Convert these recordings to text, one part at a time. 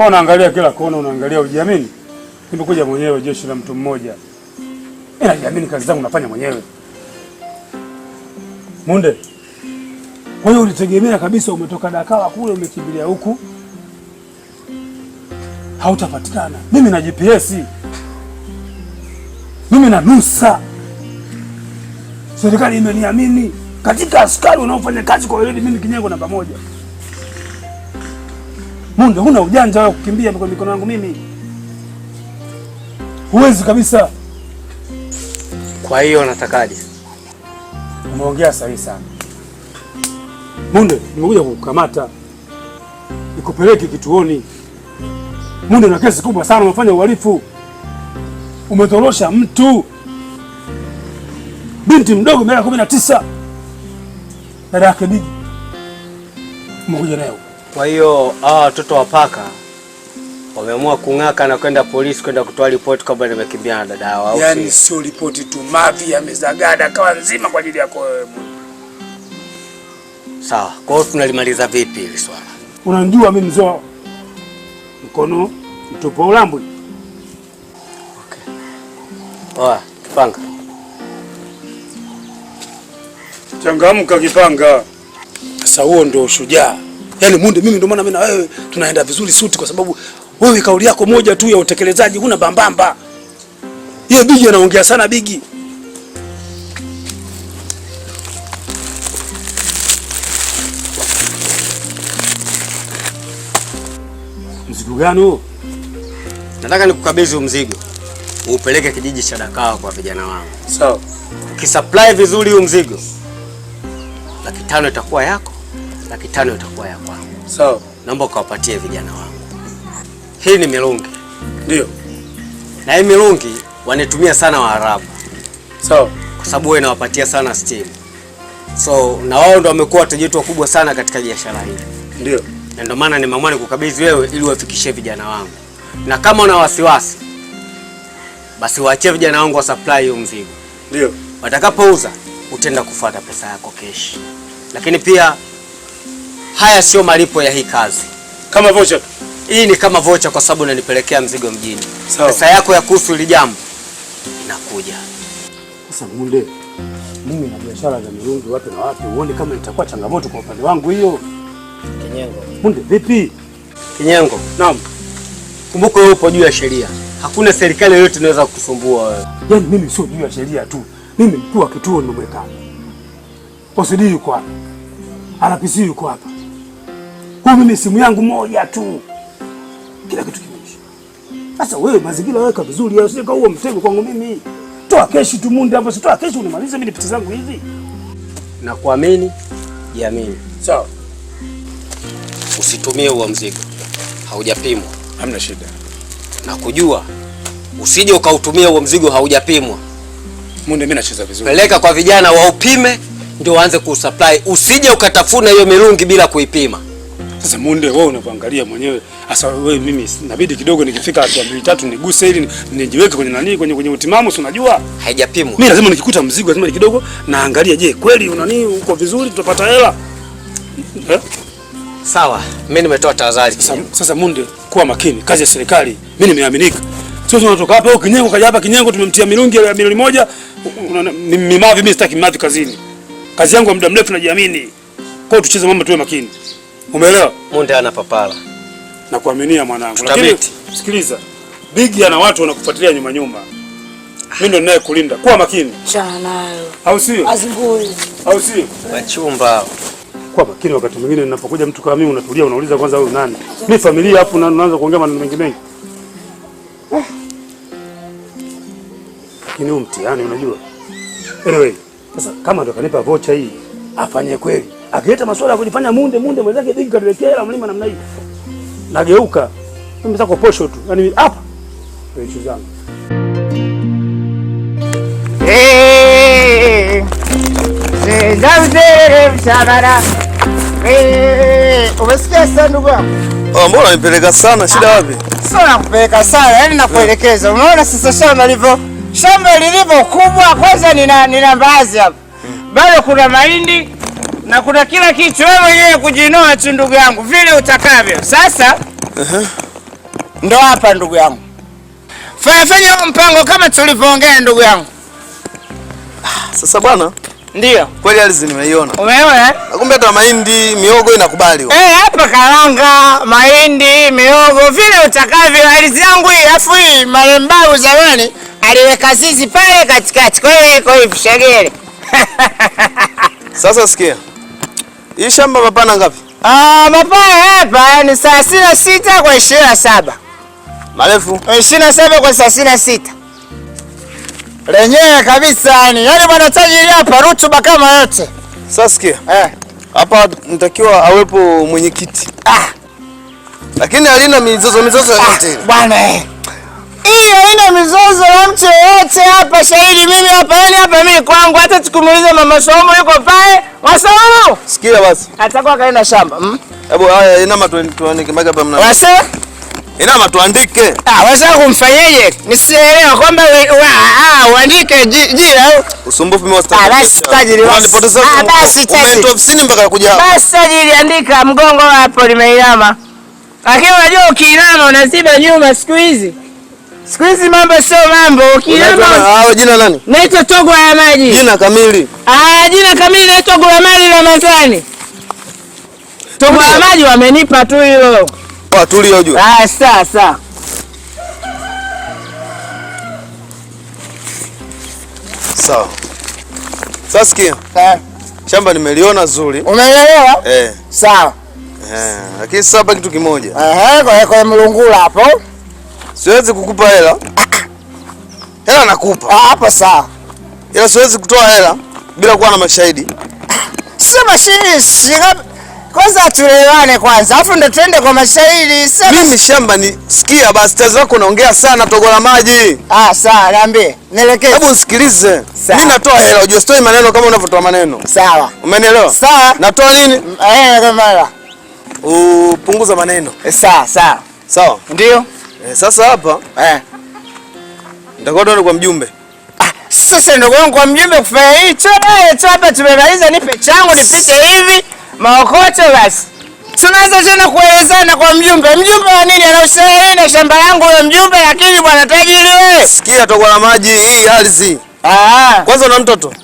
Wewe unaangalia kila kona, unaangalia ujiamini. Nimekuja mwenyewe jeshi la mtu mmoja. Mimi najiamini kazi zangu nafanya mwenyewe. Munde. Kwa hiyo ulitegemea kabisa umetoka Dakawa kule umekimbilia huku. Hautapatikana. Mimi na GPS. Mimi na nusa. Serikali imeniamini katika askari unaofanya kazi kwa weledi, mimi kinyango namba moja. Munde, huna ujanja wa kukimbia kwa mikono yangu mimi, huwezi kabisa. Kwa hiyo natakaje? Umeongea sahihi sana Munde, nimekuja kukukamata nikupeleke kituoni. Munde, na kesi kubwa sana, umefanya uhalifu, umetorosha mtu, binti mdogo miaka kumi na tisa, dada yake Bigi, umekuja kwa hiyo hawa watoto wa paka wameamua kung'aka na kwenda polisi kwenda kutoa ripoti kwamba nimekimbia na dada wao. Yaani sio ripoti tu, mavi yamezagada kawa nzima kwa ajili yako wewe. Sawa, kwa hiyo tunalimaliza vipi hili swala? Unanijua mimi mzoo mkono mtupo ulambwe. Okay. Oa, kipanga changamka, kipanga. Sasa huo ndio ushujaa yani Munde, mimi ndio maana mimi na wewe tunaenda vizuri suti, kwa sababu wewe kauli yako moja tu ya utekelezaji huna bambamba. Yeye Bigi anaongea sana Bigi. Mzigo gani huo? Nataka nikukabidhi mzigo upeleke kijiji cha Dakawa kwa vijana wangu. Sawa. So, ukisupply vizuri huu mzigo laki tano itakuwa yako laki tano itakuwa ya kwangu. Sawa, naomba ukawapatie vijana wangu. Hii ni mirungi, ndio, na hii mirungi wanitumia sana Waarabu. Sawa, kwa sababu wewe nawapatia sana steam, so na wao ndio wamekuwa wateja wetu wakubwa sana katika biashara hii. Ndio, na ndio maana nimeamua nikukabidhi wewe ili uwafikishie vijana wangu, na kama una wasiwasi basi waachie vijana wangu wa supply hiyo mzigo. Ndio, watakapouza utaenda kufuata pesa yako keshi, lakini pia haya sio malipo ya hii kazi. Kama vocha. tu. Hii ni kama vocha kwa sababu unanipelekea mzigo mjini. Pesa yako ya kuhusu ile jambo inakuja. Sasa Munde, mimi na biashara za mirungi watu na watu, uone kama itakuwa changamoto kwa upande wangu hiyo. Kinyengo. Munde, vipi? Kinyengo. Naam. Kumbuka wewe upo juu ya sheria. Hakuna serikali yoyote inaweza kukusumbua wewe. Yaani mimi sio juu ya sheria tu. Mimi mkuu wa kituo nimekaa. Osidi yuko hapa. Arapisi yuko hapa kwa mimi simu yangu moja tu, kila kitu kimeisha. Sasa wewe mazingira weka vizuri, usije kwa huo mtego kwangu mimi. Toa keshi tu munde hapo, sitoa keshi unimalize mimi nipite zangu hizi. Na kuamini jiamini, sawa? So, usitumie huo mzigo, haujapimwa. Hamna shida. Na kujua usije ukautumia huo mzigo, haujapimwa. Munde mimi nacheza vizuri, peleka kwa vijana waupime, ndio waanze kusupply. Usije ukatafuna hiyo mirungi bila kuipima. Sasa Munde, wewe unakuangalia mwenyewe. Sasa wewe, mimi inabidi kidogo nikifika hatua mbili tatu niguse ili nijiweke kwenye nani, kwenye kwenye utimamu, si unajua? Haijapimwa. Mimi lazima nikikuta mzigo lazima ni kidogo naangalia, je, kweli una nini, uko vizuri, tutapata hela. Eh? Sawa, mimi nimetoa tahadhari. Sasa sasa Munde, kuwa makini, kazi ya serikali. Mimi nimeaminika. Sio unatoka hapa, kinyengo kaja hapa, kinyengo tumemtia mirungi ya milioni moja. Mimi mavi, mimi sitaki mavi kazini. Kazi yangu ya muda mrefu najiamini. Kwa hiyo tucheze, mama, tuwe makini. Umeelewa? Munde ana papala. Nakuaminia mwanangu. Lakini sikiliza. Big ana watu wanakufuatilia nyuma nyuma. Mimi ndo kulinda. Kuwa makini. Chana nayo. Au sio? Azingui. Au sio? Wachumba. Kuwa makini wakati mwingine ninapokuja mtu kama mimi unatulia unauliza kwanza wewe nani? Mimi familia hapo na unaanza kuongea maneno mengi mengi. Lakini huu mtihani unajua. Anyway, sasa kama ndo kanipa vocha hii afanye kweli akileta maswala ya kujifanya munde munde, mwenzake digi katuletea mlima namna hii, nageuka mimi sasa, posho tu, yani hapa ndio ishu zangu. Eh, umesikia sasa ndugu wangu? Oh, mbona nipeleka sana shida ah, wapi? Sio nakupeleka sana, yani nakuelekeza. Unaona sasa shamba lilivyo, shamba lilivyo kubwa. Kwanza nina nina mbaazi hapa, bado kuna mahindi na kuna kila kitu, wewe mwenyewe kujinoa tu ndugu yangu vile utakavyo. Sasa uh-huh. Ndo hapa ndugu yangu, fanyafanya huo mpango kama tulivyoongea ndugu yangu. Ah, sasa bwana, ndio kweli alizi nimeiona, umeona eh? kumbe hata mahindi miogo inakubali eh, hapa karanga, mahindi, miogo vile utakavyo. arizi yangu hii, Alafu hii marembau zamani aliweka sisi pale katikati, kwa hiyo iko hivi shegere. Sasa sikia hii shamba mapana ngapi? Ah, mapana hapa eh, ni thelathini na sita kwa ishirini na saba marefu eh, ishirini na saba kwa thelathini na sita lenyewe kabisa yani, yaani bwana tajiri hapa rutuba kama yote. Sasa sikia. Eh. Hapa nitakiwa awepo mwenyekiti. Ah. Lakini halina mizozo mizozo yote. Ah, bwana eh. Hii haina mizozo ya mtu yoyote hapa. Shahidi mimi hapa, yani hapa mimi kwangu, hata tukumuuliza mama Somo yuko pale. Wasomo, sikia basi, atakuwa kaenda shamba. Hmm? Hebu haya, inama tuandike mpaka hapa mna wase, inama tuandike. Ah, wase kumfanyeje? Nisielewa kwamba ah, uandike jina au usumbufu mimi wasta. Ah, ah, basi tajiri basi, ah, basi tajiri ofisini mpaka kuja hapa. Basi tajiri, andika mgongo hapo, limeinama. Lakini unajua ukiinama unaziba nyuma siku hizi. Siku hizi mambo sio mambo. Ah, jina nani? Naitwa Togo ya maji. Jina kamili. Ah, jina kamili naitwa Gulamali Ramadhani. Togo ya maji wamenipa tu hilo. Ah, tulio juu. Ah, sasa. Sawa. Sasa sikia. Eh. Shamba nimeliona zuri. Umeelewa? Eh. Sawa. Eh, lakini sasa kitu kimoja. Eh, kwa kwa mlungula hapo siwezi kukupa hela. Hela nakupa ah, hapa saa, ila siwezi kutoa hela bila kuwa na mashahidi. Sio mashahidi kwanza tuelewane kwanza, afu ndo tuende kwa mashahidi. Mimi shamba ni sikia basi, tazo wako naongea sana, togola maji. Ah, sawa, niambie, nielekeze. Hebu nisikilize, mimi natoa hela, unajua sitoi maneno kama unavyotoa maneno. Sawa, umenielewa? Sawa, natoa nini? Eh, kama hela upunguza maneno. Sawa sawa sawa, ndio. Eh, sasa hapa eh, nitakuwa ndo kwa mjumbe. Ah, sasa ndio kwa mjumbe kufanya hii chote eh, chote, tumemaliza, nipe changu nipite hivi maokoto basi. Tunaweza tena kuelezana kwa mjumbe. Mjumbe wa nini? Anahusiana na shamba langu huyo mjumbe, lakini bwana tajiri wewe. Sikia, tutakuwa na maji hii ardhi. Ah, kwanza na mtoto?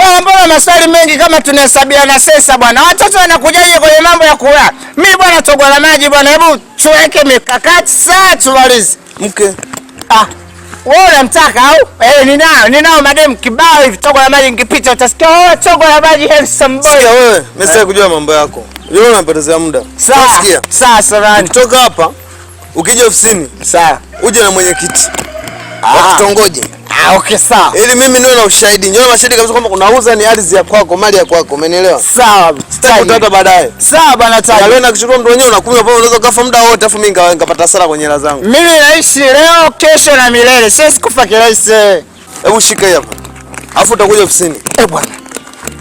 Bwana, mbona maswali mengi kama tunahesabia na sesa bwana? Watoto wanakujaje kwenye mambo ya kula? Mimi bwana togwa la maji bwana, hebu tuweke mikakati sasa tumalize. Mke. Ah. Wewe unamtaka au? Eh, ninao, ninao madem kibao hivi togwa la maji nikipita utasikia wewe oh, togwa la maji handsome boy. Sikia wewe, eh? mimi sasa kujua mambo yako. Wewe unapotezea muda. Sasa. Sasa sawa. Kutoka hapa ukija ofisini. Sasa. Uje na mwenyekiti. Ah. Wakutongoje. Ah, okay sawa. Ili yaani mimi niwe na ushahidi. Niwe na ushahidi kabisa kwamba unauza ni ardhi ya kwako, mali ya kwako, umenielewa? Sawa. Sitaki Tutakutana baadaye. Sawa bana tayari. Wewe unachukua mtu wenyewe unakunywa pale unaweza kufa muda wote afu mimi ngawa nikapata hasara kwenye hela zangu. Mimi naishi leo, kesho na milele. Siwezi sikufa kirahisi. Hebu shika hii hapa. Afu utakuja ofisini. Eh, bwana.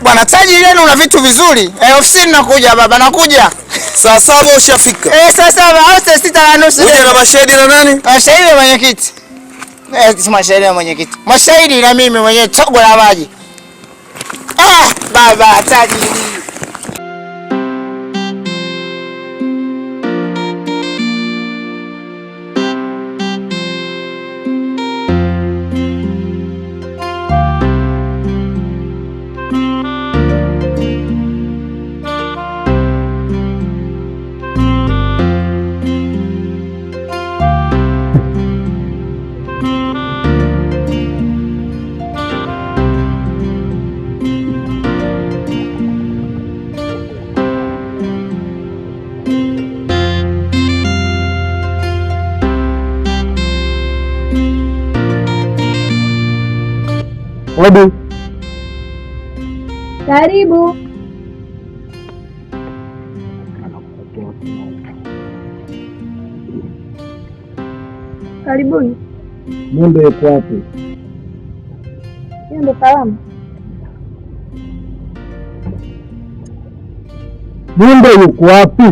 Bwana Taji leo una vitu vizuri. Eh, ofisini nakuja baba, nakuja. Saa saba ushafika. Eh, saa saba au saa sita na nusu. Uje na mashahidi na nani? Mashahidi wa mwenyekiti. Eh, mashairi na mwenyekiti, mashahidi na mimi mwenyewe chogo la maji. Ah, baba tajiri. Lebih. karibu. Karibuni. Mwembe yuko wapi? Mwembe salama. Mwembe yuko wapi?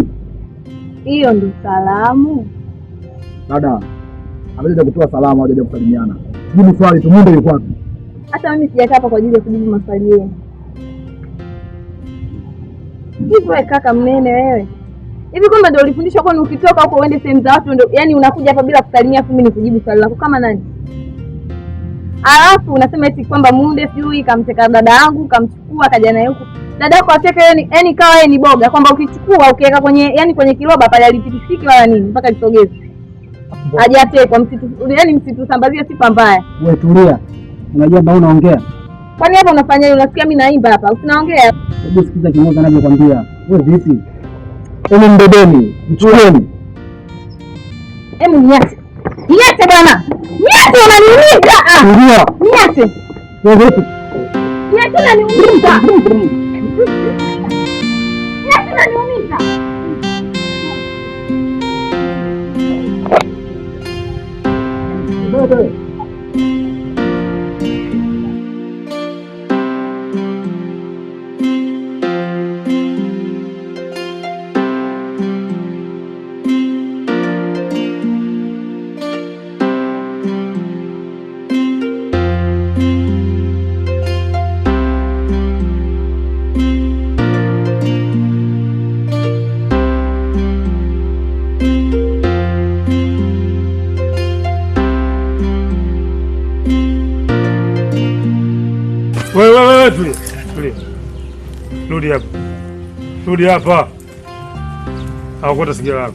Hiyo ndo salamu. Dada, ameja kutoa salamu, hajaja kusalimiana. Jibu swali tu, Mwembe yuko wapi? Hata mimi sijakaa hapa kwa ajili ya kujibu maswali yenu. Hivi wewe kaka mnene wewe, hivi kwamba ndio ulifundishwa kwani ukitoka huko uende sehemu za watu ndio yani unakuja hapa bila kusalimia, afu mimi nikujibu swali lako kama nani? Alafu unasema eti kwamba Munde sijui kamteka dada yangu kamchukua kaja naye huko dada yako ateka yani, yani kawa yeye ni boga kwamba ukichukua ukiweka kwenye yani kwenye kiroba pale alipitisiki wala nini mpaka lisogeze hajatekwa msitu yani sambazia sifa mbaya. Wewe tulia. Unajua mbona unaongea? Kwani hapa unafanya nini? unasikia mimi naimba hapa? Usinaongea. Hebu sikiza kimoja anavyokuambia. Wewe vipi? Wewe mbebeni, mchueni. Hebu niache. Niache bwana. Niache unaniumiza. Ndio. Niache. Wewe vipi? Niache unaniumiza. Niache unaniumiza. Wewe Rudi hapa au kota lako.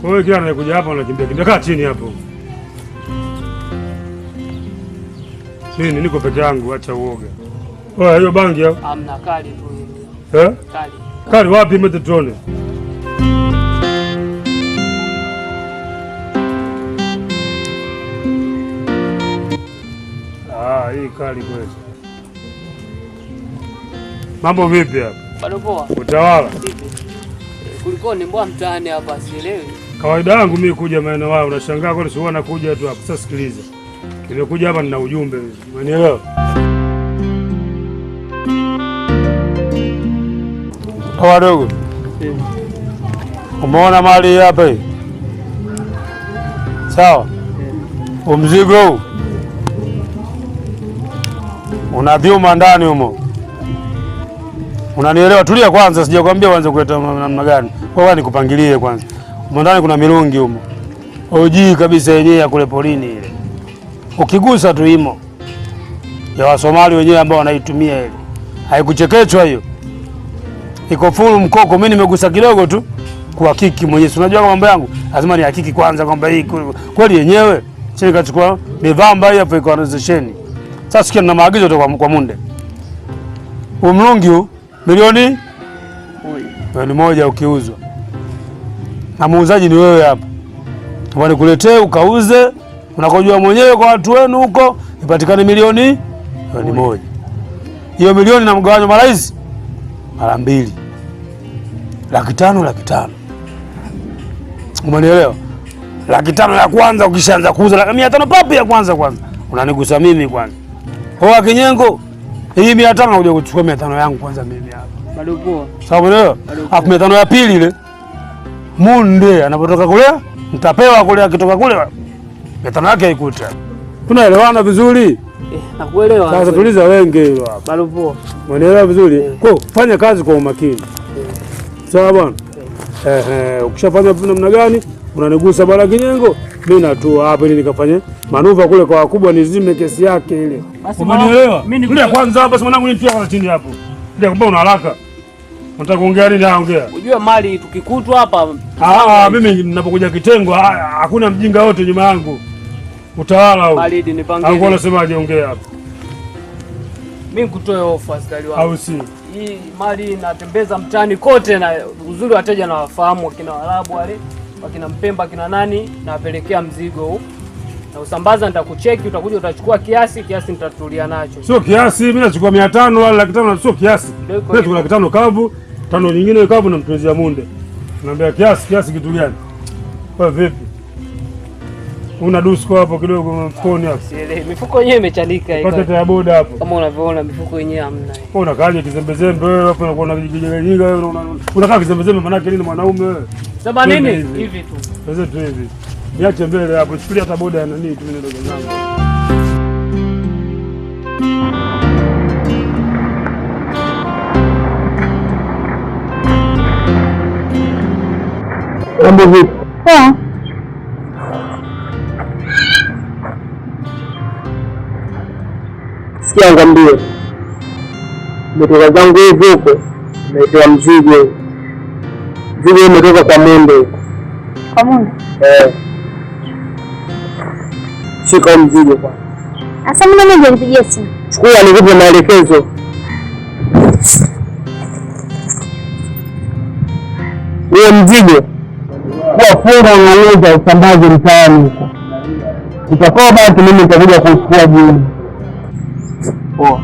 Kwa hiyo kila anayekuja hapa unakimbia kimbia. Kaa chini hapo. Mimi niko peke yangu, acha uoga. Oya, hiyo bangi hapo. Amna kali tu hiyo. Eh? Kali. Kali wapi mete tuone? Ah, hii kali kweli. Mambo vipi hapa? Bado poa. Utawala. Kulikuwa ni mbwa mtaani hapa sielewi. Kawaida yangu mimi kuja maeneo haya unashangaa kwani sio nakuja tu hapa. Sasa sikiliza. Nimekuja hapa nina ujumbe. Unanielewa? Wadogo. Umeona mali hapa hii? Sawa. Umzigo huu. Una vyuma ndani humo. Unanielewa? Tulia kwanza, sijakwambia uanze kuleta namna gani. Wewe nikupangilie kwanza. Ndani kuna mirungi humo, ojii kabisa yenyewe ya kule polini ile, ukigusa tu imo ya Wasomali wenyewe ambao wanaitumia ile, haikuchekechwa hiyo, iko full mkoko. Mimi nimegusa kidogo tu kuhakiki mwenyewe, unajua mambo yangu lazima nihakiki kwanza kwamba hii kweli yenyewe. Chini kachukua mivamba hii hapo, iko organization. Sasa sikia, na maagizo kutoka kwa Munde, umrungi huu milioni milioni moja ukiuzwa, na muuzaji ni wewe hapa, ambao nikuletee ukauze unakojua mwenyewe kwa watu wenu huko, ipatikane milioni milioni moja. Hiyo milioni na mgawanyo mara hizi mara mbili, lakitano lakitano umenielewa? ya kwanza ukishaanza kuuza, mia tano papi ya kwanza kwanza unanigusa mimi kwanza, hoa kinyengo hii mia tano nakuja kuchukua mia tano yangu kwanza mimi hapa. Bado poa. Sawa leo. Afu mia tano ya pili ile munde anapotoka kule nitapewa kule, akitoka kule mia tano yake ikuta. Tunaelewana vizuri? Eh, nakuelewa. Sasa tuliza wenge hilo hapa. Bado poa. Unaelewa vizuri? Eh. Kwa fanya kazi kwa umakini. Eh. Sawa bwana. Eh ukishafanya namna gani unanigusa bara kinyengo mimi natua hapo ili nikafanye manuva kule kwa wakubwa, nizime kesi yake ile. Umenielewa? Mimi ya kwanza hapa sema nangu nitua kwa chini hapo. Ndio kumbe una haraka. Unataka kuongea nini? Ongea. Unajua mali tukikutwa hapa. Ah, ah mimi ninapokuja kitengo ah, ah, hakuna mjinga wote nyuma yangu. Utawala huu. Mali nipangie. Au unasemaje? Ongea hapo. Mimi kutoe ofa askari wangu. Au si? Hii mali natembeza mtaani kote na uzuri wateja na wafahamu kina Waarabu wale wakina Mpemba kina nani, nawapelekea mzigo na usambaza. Nitakucheki, utakuja utachukua kiasi, kiasi nitatulia nacho. Sio kiasi, mimi nachukua mia tano wala laki tano, sio kiasi. Nachukua laki tano kavu, tano nyingine kavu, namtunzia munde. Naambia kiasi, kiasi kitu gani? Kwa vipi? Una dusko hapo kidogo mfukoni hapo. Ah, sielewi. Mifuko yenyewe imechanika hiyo. Pata ya boda hapo. Kama unavyoona mifuko yenyewe hamna. Wewe unakaa kizembezembe wewe hapo unakuwa na vijiji vingi wewe unakaa kizembezembe maana yake nini mwanaume wewe? themanini hivi tu. Sasa tu hivi. Niache mbele hapo, chukulia hata boda ya nani tu ndogo zangu. Mambo vipi? Poa. Sikia ngambie. Mtoka zangu hivi huko, naitoa mzigo. Zile imetoka kwa Munde. Kwa Munde? Eh. Shika mzigo kwa. Asa mimi nipigie simu. Chukua nikupe maelekezo. Huo mzigo kwa fura unaweza usambaze mtaani huko. Utakoba mimi nitakuja kuchukua jioni. Poa. Oh.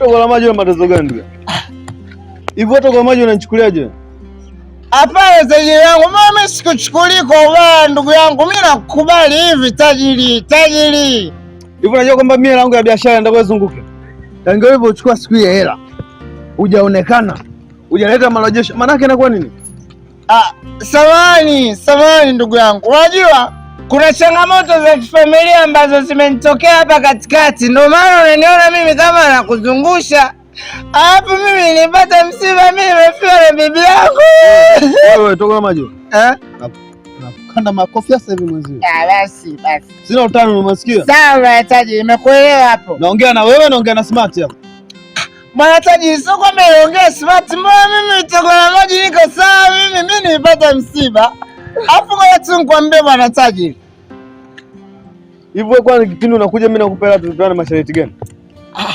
Hata kwa maji una matezo gani ndugu? hata kwa maji unanichukuliaje? Hapana tajiri yangu, mimi sikuchukuli kwa ubaya ndugu yangu, mimi nakubali hivi tajiri, tajiri. Hivi unajua kwamba mimi hela yangu ya biashara ndio kuzunguka. Tangu hivyo uchukua siku ya hela. Hujaonekana. Hujaleta marejesho. Maana yake inakuwa nini? Ah, samani, samani ndugu yangu. Unajua kuna changamoto za kifamilia ambazo zimenitokea hapa katikati, ndio maana unaniona mimi kama nakuzungusha hapo. Mimi nilipata msiba, mimi nimefiwa na bibi yangu. Eh, wewe toka na maji eh, nakukanda makofi sasa hivi mwenzi. Ah, basi basi, sina utani, unasikia? Sawa Taji, nimekuelewa hapo. Naongea na wewe, naongea na smart hapo Mwana Taji, sio kwamba naongea smart. Mbona mimi toka na maji niko sawa, mimi mimi nilipata msiba Afu Kwa watu nikwambie, Bwana Taji Hivyo kwani kipindi unakuja mimi nakupa hela tupeane masharti gani? Ah.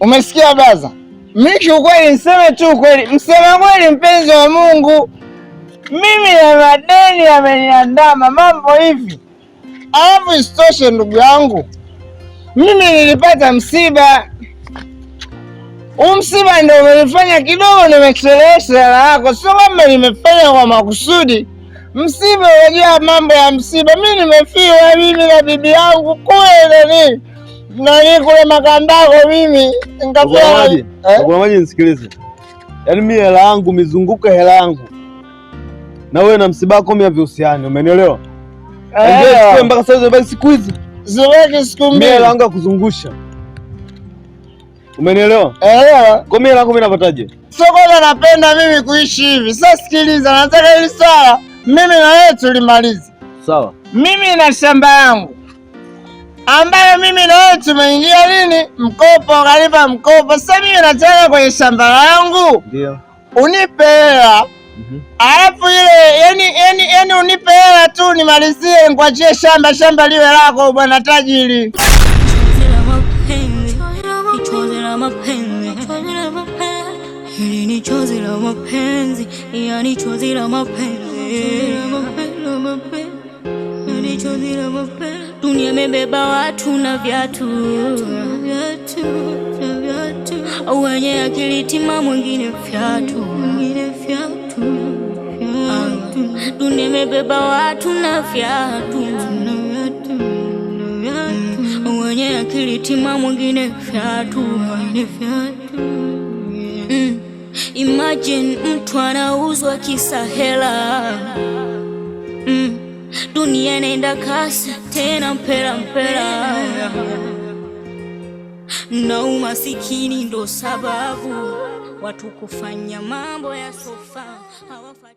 Umesikia baza? Mimi kiukweli niseme tu kweli, msema kweli mpenzi wa Mungu. Mimi na madeni yameniandama mambo hivi. Alafu isitoshe ndugu yangu. Mimi nilipata msiba. Umsiba msiba ndio umenifanya kidogo nimechelewesha hela yako. Sio kama nimefanya kwa makusudi msiba wajaa mambo ya msiba. Mi nimefiwa mimi na bibi yangu kule nani nani kule Makandako, mimi kuna eh? maji. Nisikilize, yaani mi hela yangu mizunguko hela yangu na wewe na msiba msibako mi havihusiani, umenielewa? Eh, eh. Mpaka sasa zimebaki siku hizi zimebaki siku mbili, mi hela yangu ya kuzungusha Umenielewa? Eh. Kwa mimi langu mimi napataje? Sio kwanza napenda mimi kuishi hivi. Sasa sikiliza, nataka hili swala mimi na wewe tulimaliza. Sawa. Mimi na shamba yangu ambayo mimi na wewe tumeingia nini mkopo, kalipa mkopo. Sasa mimi nataka kwenye shamba langu ndio unipe hela mm -hmm. Alafu ile yani, yani, yani unipe hela tu nimalizie, nikuachie shamba, shamba liwe lako bwana tajiri. Ni chozi la mapenzi, yani chozi la mapenzi Dunia watu na viatu, wenye akili timamu wengine fyatu. Dunia watu na viatu, wenye akili timamu wengine fyatu. Imagine mtu anauzwa kisa hela mm. Dunia inaenda kasi tena mpela mpela na umasikini ndo sababu watu kufanya mambo ya sofa hawafati